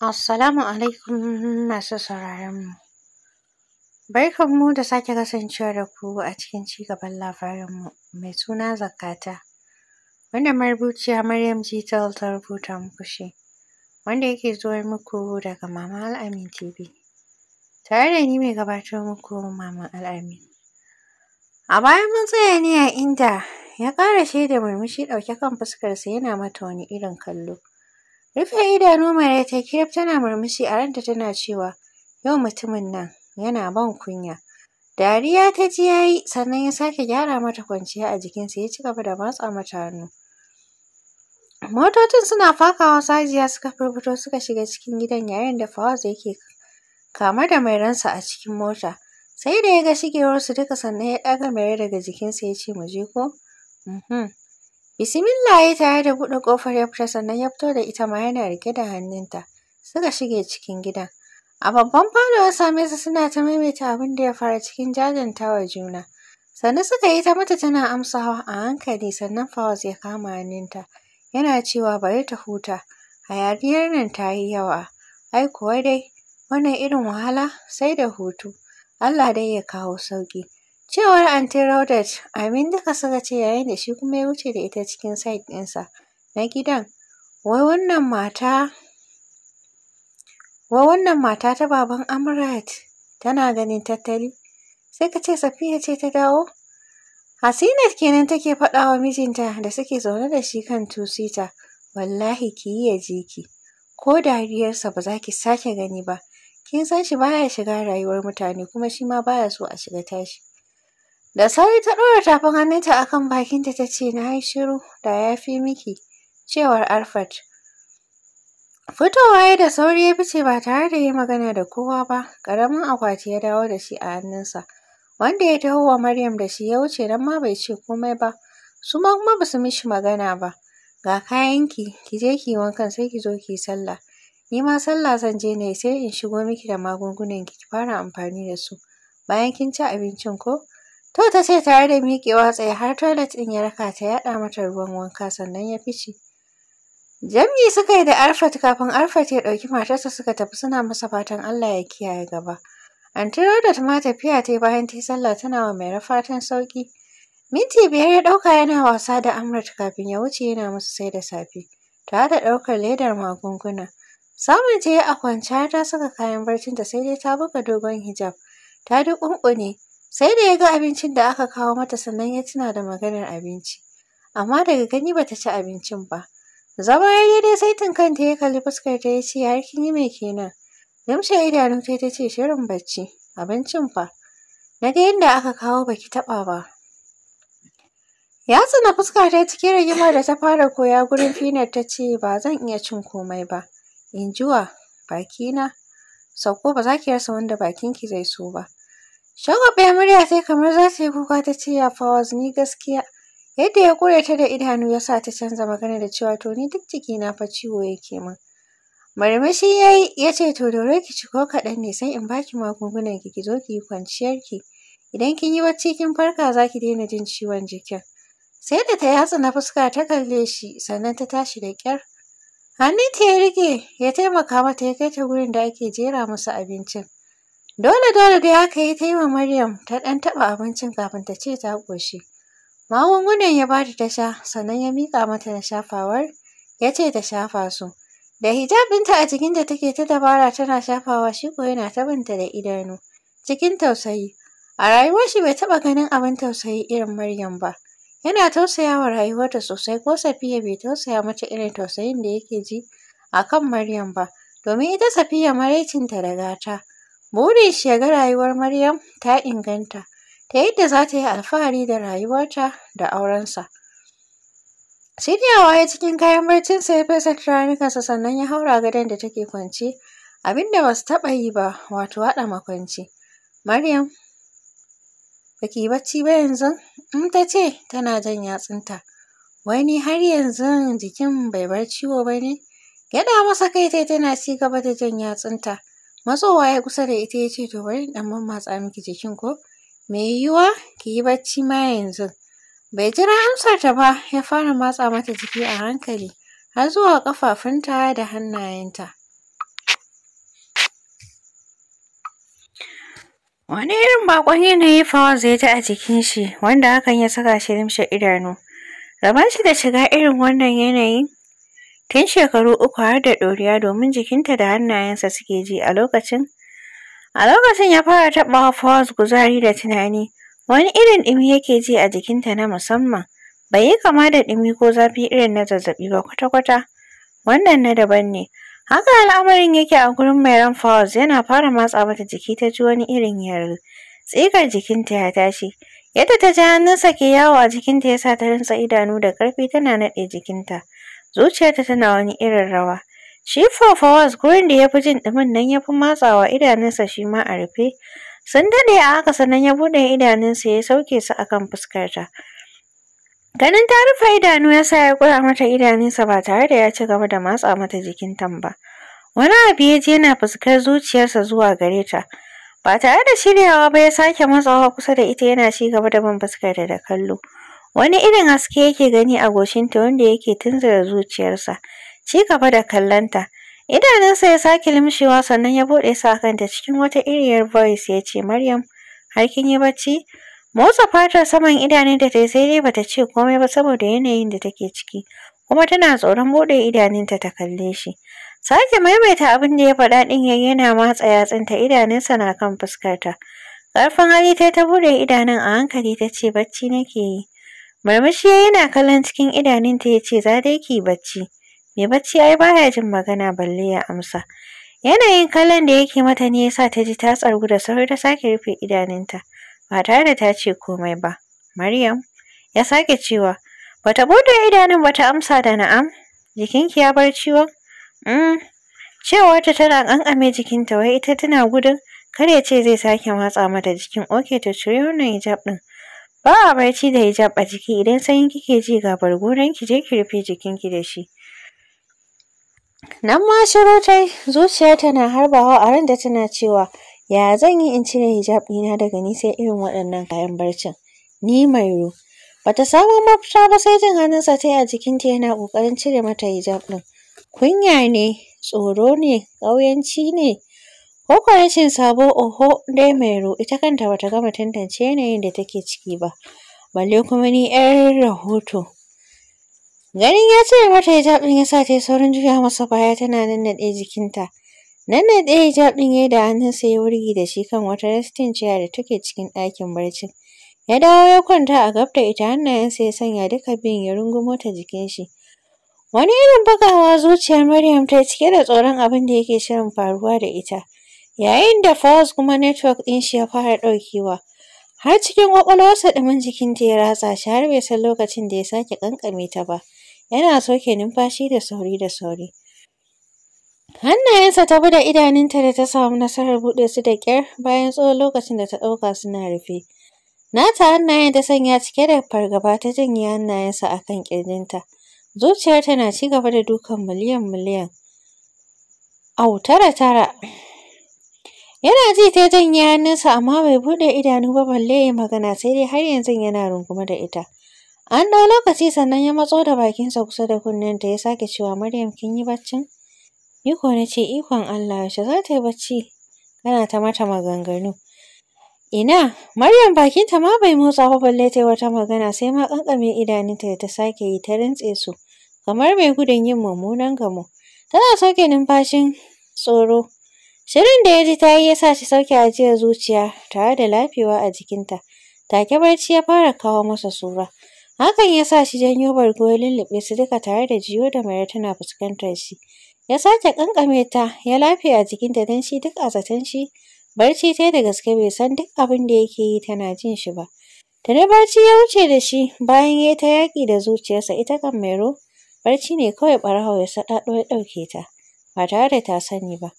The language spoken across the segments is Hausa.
Assalamu alaikum masu mu. sauraronmu. mu da sake kasancewa da ku a cikin cigaban labarinmu mai suna Zakata, wanda marubuciya Maryam Jital ta rubuta muku shi, wanda yake zuwa muku daga Mama Al'amin TV. Tare da ni mai gabatar muku Mama Al'amin. A bayan mun tsaya ne a inda ya ƙara shaida murmushi ɗauke kan fuskarsa yana mata wani irin kallo. Rufe idanu ta Kiref tana murmushi a ranta tana cewa, yau mutumin nan yana ban kunya. Dariya ta ji ya yi sannan ya sake gyara mata kwanciya a jikinsa ya ci gaba da matsa mata hannu. Motocin suna fakawa sajiya suka firfito suka shiga cikin gidan yayin da Fawaz yake kama da mai ransa a cikin mota. Sai da ya ga shigewarsu duka sannan ya ɗaga mai daga jikinsa ya ce mu je ko? Mm-hmm. Bismillah ya tare da buɗe ƙofar ya fita sannan ya fito da ita ma yana riƙe da hannunta. Suka shige cikin gidan. A babban falo ya same su suna ta maimaita abin da ya fara cikin jajantawa juna. Sannan suka yi ta mata tana amsawa a hankali sannan Fawaz ya kama hannunta. Yana cewa bari ta huta. Hayaniyar nan ta yi yawa. Ai kuwa dai wannan irin wahala sai da hutu. Allah dai ya kawo sauƙi. Cewar Aunty Raudat, Amin duka suka ce yayin da shi kuma ya wuce da ita cikin site ɗinsa na gidan. Wai wannan mata, ta baban Amrat tana ganin tattali? Sai ka ce Safiya ce ta dawo? Hasinat kenan take faɗa wa mijinta da suke zaune da shi kan tusita. Wallahi ki yi ya je ki, ko dariyarsa ba za ki sake gani ba. Kin san shi ba ya shiga rayuwar mutane kuma shi ma ba so a shiga tashi. Da sauri ta ɗora tafin hannunta a kan bakinta ta ce, na yi shiru, da ya fi miki, cewar Alfred. Fitowa ya da sauri ya fice ba tare da yi magana da kowa ba, ƙaramin akwati ya dawo da shi a hannunsa, wanda ya taho wa Maryam da shi ya wuce don ma bai ce komai ba, su ma kuma ba su mishi magana ba. Ga kayanki, ki je ki wankan sai ki zo ki sallah. Ni ma sallah zan je ne sai in shigo miki da magungunan ki fara amfani da su. Bayan kin ci abincin ko? To ta tare da miƙewa tsaye har toilet ɗin ya raka ta yaɗa mata ruwan wanka sannan ya fice. Jam'i suka yi da Arfat kafin Arfat ya ɗauki matarsa suka tafi suna masa fatan Allah ya kiyaye gaba. Anti Rodot ma tafiya ta yi bayan ta yi sallah tana wa mai fatan sauƙi. Minti biyar ya ɗauka yana wasa da Amrat kafin ya wuce yana musu sai da safe, tare da ɗaukar ledar magunguna. Samun ta yi a kwanciya ta saka kayan barcin ta, sai dai ta buga dogon hijab, ta duƙunƙune. Sai da ya ga abincin da aka kawo mata sannan ya tuna da maganar abinci. Amma daga gani bata ci abincin ba. Zama ya yi dai-dai sai kanta ya kalli fuskar fuskarta ya ce har kin yi mai kenan? Yamshe idanu sai ta ce shirin bacci, abincin fa. Na ga yadda aka kawo baki taɓa ba. Ya tsina fuska ta cikin rigima da ta fara koya gurin finar ta ce ba zan iya cin komai ba. In jiwa bakina? Sauko ba za ki rasa wanda bakinki zai so ba. shagwaɓe murya sai kamar za ta yi kuka ta ce ya Fawaz ni gaskiya yadda ya ƙure ta da idanu ya sa ta canza magana da cewa to ni duk jikina fa ciwo yake min. Murmushi ya yi ya ce to dole ki ci kaɗan ne sai in baki magungunan ki ki zo ki yi kwanciyar ki. Idan kin yi bacci kin farka za ki daina jin ciwon jikin. Sai da ta yatsa na fuska ta kalle shi sannan ta tashi da kyar. ƙyar. Hannunta ya riƙe ya taimaka mata ya kai ta gurin da ake jera musu abincin. Dole dole dai yi ta yi wa Maryam ta ɗan taɓa abincin kafin ta ce ta ƙoshi. Magungunan ya bata ta sha sannan ya miƙa mata na shafawar ya ce ta shafa su. Da hijabinta a jikin da take ta dabara tana shafawa shi ko yana ta binta da idanu cikin tausayi. A rayuwar shi bai taɓa ganin abin tausayi irin Maryam ba. Yana tausaya wa rayuwarta sosai ko Safiya bai tausaya mata irin tausayin da yake ji a kan Maryam ba, domin ita Safiya maraicinta da gata. Burin shi ya ga rayuwar Maryam ta inganta ta yadda za ta yi alfahari da rayuwarta da aurensa. Shiryawa ya cikin kayan barcinsa ya fesa turarensa sannan ya haura gadon da take kwance abinda da ba su taɓa yi ba wato haɗa makwanci. Maryam ba ki bacci ba yanzu? In ta ce tana jan yatsunta. Wani har yanzu jikin bai bar ciwo ba ne? Gyaɗa masa kai tai tana ci gaba da jan yatsunta. Matsowa ya kusa da ita ya ce, To bari in ɗan mammatsa miki jikin ko? Mai yiwuwa ki yi bacci ma yanzu. Bai jira amsar ta ba, ya fara matsa mata jiki a hankali har zuwa ƙafafunta da hannayenta. Wani irin baƙon yanayi Fawaz ya ji a jikin shi, wanda hakan ya saka shi rimshe idanu. Rabon shi da shiga irin wannan yanayin, tun shekaru uku har da ɗoriya domin jikinta da hannayensa suke ji a lokacin. A lokacin ya fara taɓa wa Fawaz kuzari da tunani, wani irin ɗumi yake ji a jikinta na musamman, bai yi kama da ɗumi ko zafi irin na zazzaɓi ba kwata-kwata, wannan na daban ne. Haka al'amarin yake a gurin mai ran Fawaz yana fara matsa mata jiki ta ji wani irin yaro, tsigar jikinta ya tashi. Yadda ta ji hannunsa ke yawo a jikinta ya sa ta rintsa idanu da ƙarfi tana naɗe jikinta. zuciyarta tana wani irin rawa shi fawaz gurin da ya fi jin ɗumin nan ya fi matsawa idanunsa shi ma a rufe sun daɗe a haka sannan ya buɗe idanunsa ya sauke su akan fuskarta ganin ta rufe idanu ya sa ya ƙura mata idanunsa ba tare da ya ci gaba da matsa mata jikin tamba wani abu ya je yana fuskar zuciyarsa zuwa gare ta ba tare da shiryawa ba ya sake matsawa kusa da ita yana ci gaba da bin fuskarta da kallo Wani irin haske yake gani a goshinta wanda yake tunzura zuciyarsa. Ci gaba da kallonta. Idanunsa ya sake limshewa sannan ya buɗe sa kanta cikin wata iriyar voice ya ce, Maryam, har kin yi bacci? Motsa fatar saman idanun da ta yi sai dai bata ce komai ba saboda yanayin da take ciki. Kuma tana tsoron buɗe idanunta ta kalle shi. Sake maimaita abin da ya faɗa ɗin yayi yana matsa yatsunta idanunsa na kan fuskarta. Ƙarfin hali ta ta buɗe idanun a hankali ta ce, Bacci nake yi. ya yana kallon cikin idanunta ya ce za dai ki bacci. Mai bacci ai baya jin magana balle ya amsa. Yanayin kallon da yake mata ne ya sa ta ji ta tsargu da sauri ta sake rufe idanunta ba tare da ta ce komai ba. Maryam ya sake cewa bata bude idanun bata amsa da na'am. Jikinki ya bar ciwon? Mm. Cewarta tana kankame jikinta wai ita tana gudun kar ya ce zai sake matsa mata jikin. Oke ta cire wannan hijab din. Ba a barci da hijab a jiki idan sanyin kike ji ga bargonan ki je ki rufe jikinki da shi. Nan ma shiru zuciya tana harbawa a ran da tana cewa ya zan yi in cire hijab ɗina daga ni sai irin waɗannan kayan barcin. Ni mai ru. Bata samu mafita ba sai jin hannunsa ta yi a jikinta yana ƙoƙarin cire mata hijab ɗin. Kunya ne, tsoro ne, ƙauyanci ne, Ko rashin sabo oho dai ro ita kanta ba gama tantance yanayin da take ciki ba, balle kuma ni 'yar rahoto. Ganin ya ce mata hijab ɗin ya sa ta yi saurin juya masa baya tana nan nannaɗe jikinta. Nannaɗe hijab ɗin ya yi da hannunsa ya wurgi da shi kan wata restin chair da take cikin ɗakin barci. Ya dawo ya kwanta a gab da ita hannayensa ya sanya duka biyun ya rungumo ta jikin shi. Wani irin bugawa zuciyar Maryam ta yi cike da tsoron abin da yake shirin faruwa da ita. yayin da Fawaz kuma network ɗin shi ya fara ɗaukewa. Har cikin ƙwaƙwalwarsa ɗumin jikinta ya ratsa shi har bai san lokacin da ya sake ƙanƙame ta ba. Yana soke numfashi da sauri da sauri. Hannayensa ta bude idanunta da ta samu nasarar buɗe su da ƙyar bayan tsawon lokacin da ta ɗauka suna rufe. Nata hannayen da sanya cike da fargaba ta janye hannayensa a kan ƙirjinta. Zuciyarta na ci gaba da dukan miliyan miliyan. Au tara tara. Yana ji ta janye hannunsa amma bai buɗe idanu ba balle ya magana sai dai har yanzu yana rungume da ita. An ɗau lokaci sannan ya matso da bakinsa kusa da kunnenta ya sake cewa Maryam kin yi baccin? Iko na ce ikon Allah yaushe za ta yi bacci? Kana ta mata maganganu. Ina, Maryam bakinta ma bai motsa ba balle ta yi wata magana sai ma ƙanƙame idanunta da ta sake yi ta rintse su kamar mai gudun yin mummunan gamo. Tana sauke numfashin tsoro. Shirin da ya ji ta yi ya sa shi sauke ajiyar zuciya tare da lafewa a jikinta. Take barci ya fara kawo masa sura. Hakan ya sa shi janyo bargo ya lulluɓe su duka tare da jiyo da mara tana fuskantar shi. Ya sake ƙanƙame ta ya lafiya a jikinta don shi duk a zaton shi barci ta da gaske bai san duk abin da yake yi tana jin shi ba. Da barci ya wuce da shi bayan ya yi ta yaƙi da zuciyarsa ita kan Mairo barci ne kawai ɓarawo ya saɗaɗo ya ɗauke ta ba tare da ta sani ba.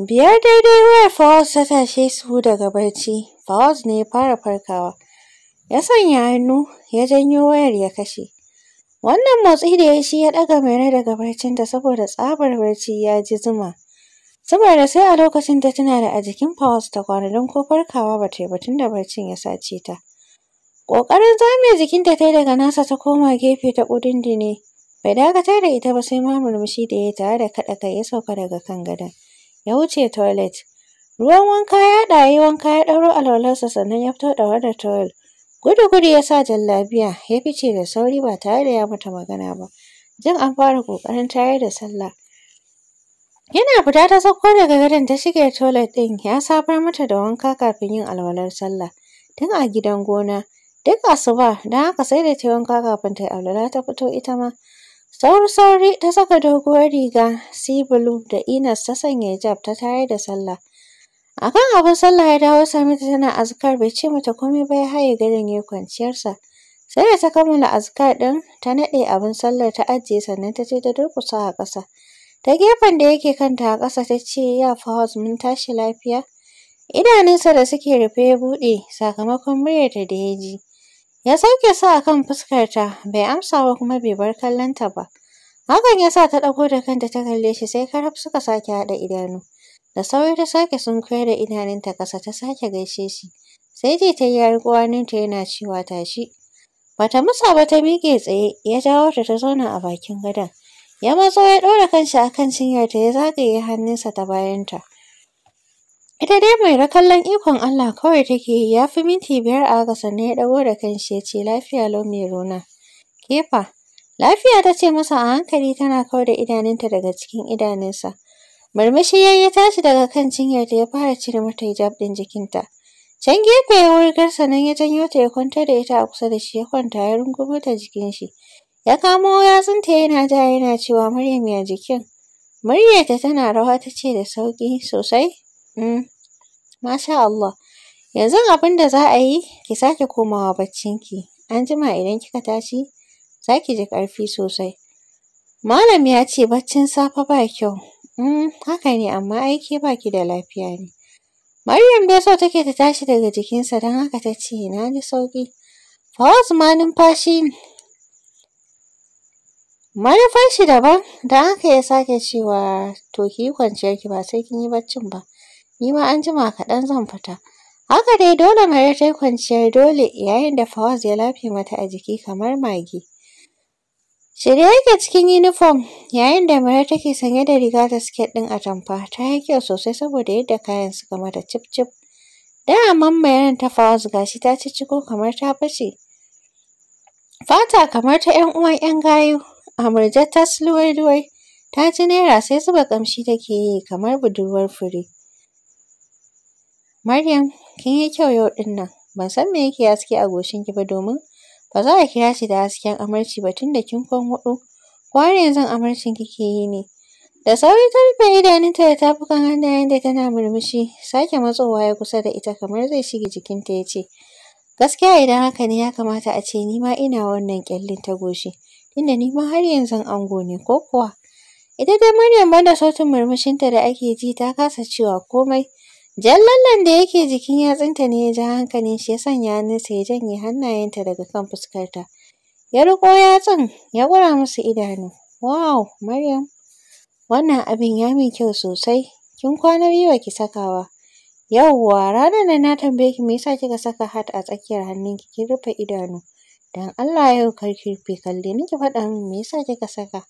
Biyar daidai wayar Fawaz ta tashe su daga barci. Fawaz ne ya fara farkawa. Ya sanya hannu ya janyo wayar ya kashe. Wannan motsi da ya shi ya ɗaga rai daga barcin barcinta saboda tsabar barci ya ji zuma. zuma da sai a lokacin ta tuna da a jikin Fawaz ta kwana don ko farkawa ba ta yi ba da barcin ya sace ta. Ƙoƙarin zame jikinta ta yi daga nasa ta koma gefe ta ƙudundune. Bai dakatar da ita ba sai ma murmushi da ya yi tare da kaɗa kai ya sauka daga kan gadon. ya wuce toilet. Ruwan wanka ya haɗa wanka ya ɗauro alwalarsa sannan ya fito da da towel. Gudu-gudu ya sa jallabiya ya fice da sauri ba tare da ya mata magana ba. Jin an fara ƙoƙarin tayar da sallah. Yana fita ta sauko daga gadon ta shige toilet ɗin ya safar mata da wanka kafin yin alwalar sallah. Tun a gidan gona. Duk asuba don haka sai da ta wanka kafin ta yi alwala ta fito ita ma. Sauri-sauri ta saka doguwar riga sea blue da Inas ta sanya hijab ta tayar da sallah. A kan abin sallah ya dawo sami ta tana azkar bai ce mata komai ba ya haye gadon ya yi kwanciyarsa. Sai da ta kammala azkar ɗin ta naɗe abin sallar ta ajiye sannan ta je ta durƙusa a ƙasa. Ta gefen da yake kanta a ƙasa ta ce ya Fawaz mun tashi lafiya? Idanunsa da suke rufe ya buɗe sakamakon muryarta da ya ji. Ya sauke sa a kan fuskarta, bai amsa ba kuma bai bar kallonta ba. Hakan ya sa ta ɗauko da kanta ta kalle shi sai karaf suka sake haɗa idanu. Da sauri ta sake koyar da idanunta ƙasa ta sake gaishe shi. Sai ji ta yi yar riƙo yana cewa tashi. Bata musa ba ta miƙe tsaye, ya jawo ta ta zauna a bakin gadon. Ya matso ya ɗora kanshi a kan cinyarta ya zagaye hannunsa ta bayanta. Ita dai mai kallon ikon Allah kawai take yi, ya fi minti biyar a haka sannan ya ɗago da kanshi ya ce lafiya lau mai rona. Kefa, lafiya ta ce masa a hankali tana kawar da idanunta daga cikin idanunsa. Murmushi ya yi tashi daga kan da ya fara cire mata hijab ɗin jikinta. Can gefe ya wurgar sannan ya janyo ta ya kwanta da ita a kusa da shi ya kwanta ya rungumo ta jikin shi. Ya kamo yatsunta yana ja yana cewa Maryam ya jikin? Muryarta tana rawa ta ce da sauƙi sosai. Mm. masha Allah. Yanzu abin da za a yi, ki sake komawa baccinki. An jima idan kika tashi, za ki ji ƙarfi sosai. Malam ya ce baccin safe ba kyau. Um, haka ne amma aiki ke ba ki da lafiya ne. Maryam dai so take ta tashi daga jikinsa don haka ta ce na ji sauƙi. Fawaz ma numfashi manufar shi daban don haka ya sake cewa to ki yi kwanciyarki ba sai kin yi baccin ba. ni ma an jima kaɗan zan fita. Haka dai dole Maria ta yi kwanciyar dole yayin da Fawaz ya lafe mata a jiki kamar mage. Shirye yake cikin yunifom yayin da Maria take sanye da riga ta siket ɗin atamfa ta yi kyau sosai saboda yadda kayan suka mata da cif Daman Maryam ta Fawaz gashi ta cicciko kamar ta fashe Fata kamar ta ‘yan uwan ‘yan gayu, amurje ta luwai-luwai, ta ji naira sai zuba kamshi take yi kamar budurwar fure. Maryam kin yi kyau yau ɗin nan. Ban san me yake haske a goshinki ba domin ba za a kira shi da hasken amarci ba tun da kin kwan Ko har yanzu amarcin kike yi ne? Da sauri ta rufe idanunta da tafukan da tana murmushi, sake matsowa ya kusa da ita kamar zai shige jikinta ya ce, Gaskiya idan haka ne ya kamata a ce ni ma ina wannan ƙyallin ta goshi, tunda ni ma har yanzu ango ne ko kuwa? Ita dai Maryam banda sautin murmushinta da ake ji ta kasa cewa komai, Jallallen da yake jikin yatsunta ne ya ja hankalin shi ya sanya hannunsa ya janye hannayenta daga kan fuskarta. Ya riƙo yatsun ya gura musu idanu. Wow! Maryam, wannan abin ya min kyau sosai. Kin kwana biyu ba ki saka ba. Yawwa, ranar nan na tambaye ki me yasa kika saka hat a tsakiyar hannunki kin rufe idanu. Dan Allah yau kar ki rufe, kalle ni ki faɗa min me yasa kika saka.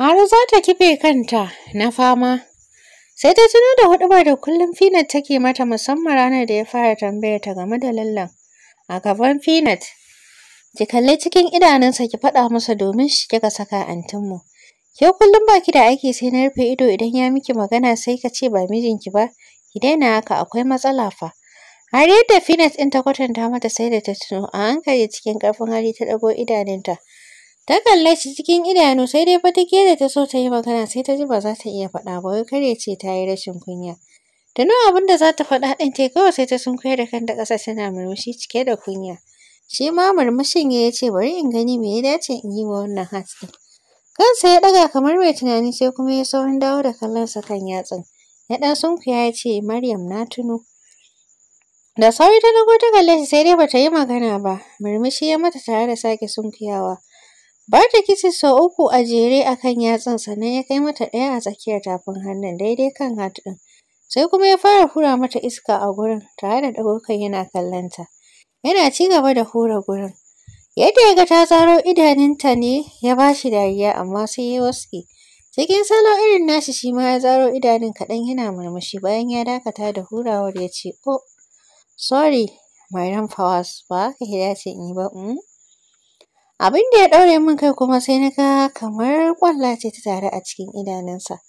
Maru za ta kife kanta na fama. Sai ta tuno da ba da kullum Finat take mata musamman ranar da ya fara tambaya ta game da lallan. A gaban Finat, ki kalli cikin idanunsa ki faɗa masa domin shi kika saka antinmu. Ke kullum ba ki da aiki sai na rufe ido idan ya miki magana sai ka ce ba mijinki ba, ki daina haka akwai matsala fa. Har yadda Finat ɗin ta kwatanta mata sai da ta tuno a hankali cikin ƙarfin hali ta ɗago idanunta. Ta kalle shi cikin idanu sai dai fa ke yadda ta so ta yi magana sai ta ji ba za ta iya faɗa ba wai kar ce ta yi rashin kunya. Da nawa abin da za ta faɗa ɗin ta kawai sai ta sunkuyar da kanta ƙasa tana murmushi cike da kunya. Shi ma murmushin ya ce bari in gani me ya dace in yi wa wannan hat ɗin. Kansa ya ɗaga kamar mai tunani sai kuma ya saurin dawo da kallon sa kan yatsun. Ya ɗan sunkuya ya ce Maryam na tuno. Da sauri ta ɗago ta kalle shi sai dai bata yi magana ba. Murmushi ya mata tare da sake sunkuyawa. Ba ta kisi sau uku a jere a kan yatsun sannan ya kai mata ɗaya a tsakiyar tafin hannun daidai kan hat Sai kuma ya fara hura mata iska a gurin tare da ɗaukar yana kallonta. Yana ci gaba da hura gurin. Yadda ya ga ta zaro idanunta ne ya ba shi dariya amma sai ya waske. Cikin salo irin nashi shi ma ya zaro idanun kaɗan yana murmushi bayan ya dakata da hurawar ya ce, Oh, sorry, my fawas, ba haka ya dace in yi ba, um. Abin da ya ɗaure min kai kuma sai na ga kamar ƙwalla ce ta tare a cikin idanunsa.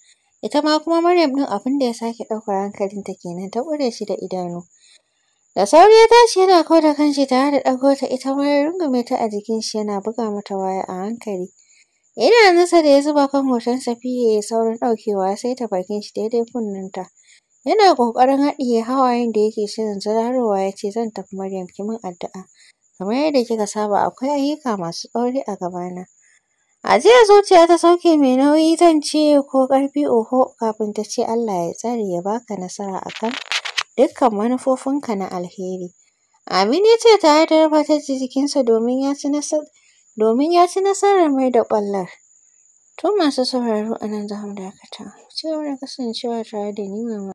Ita ma kuma Maryam ɗin abin da ya sake ɗaukar hankalin ta kenan ta ƙure shi da idanu. Da sauri ya tashi yana kau da kanshi tare da ɗago ta ita ma ya rungume ta a jikin shi yana buga mata waya a hankali. Idanunsa da ya zuba kan hoton Safiya ya saurin ɗaukewa sai ta bakin shi daidai kunnenta. Yana ƙoƙarin haɗiye hawayen da yake shirin zurarowa ya ce zan tafi Maryam ki min addu'a. Kamar yadda kika saba akwai ayyuka masu tsauri a gabana. jiya, zuciya ta sauke mai nauyi zan ce ko ƙarfi oho kafin ta ce Allah ya tsare ya baka nasara akan dukkan manufofinka na alheri. Amin ya ce tare da raba ta jikinsa domin ya ci nasarar mai da ƙwallon. To masu sauraro a nan za dakata. Ku da kasancewa tare da ni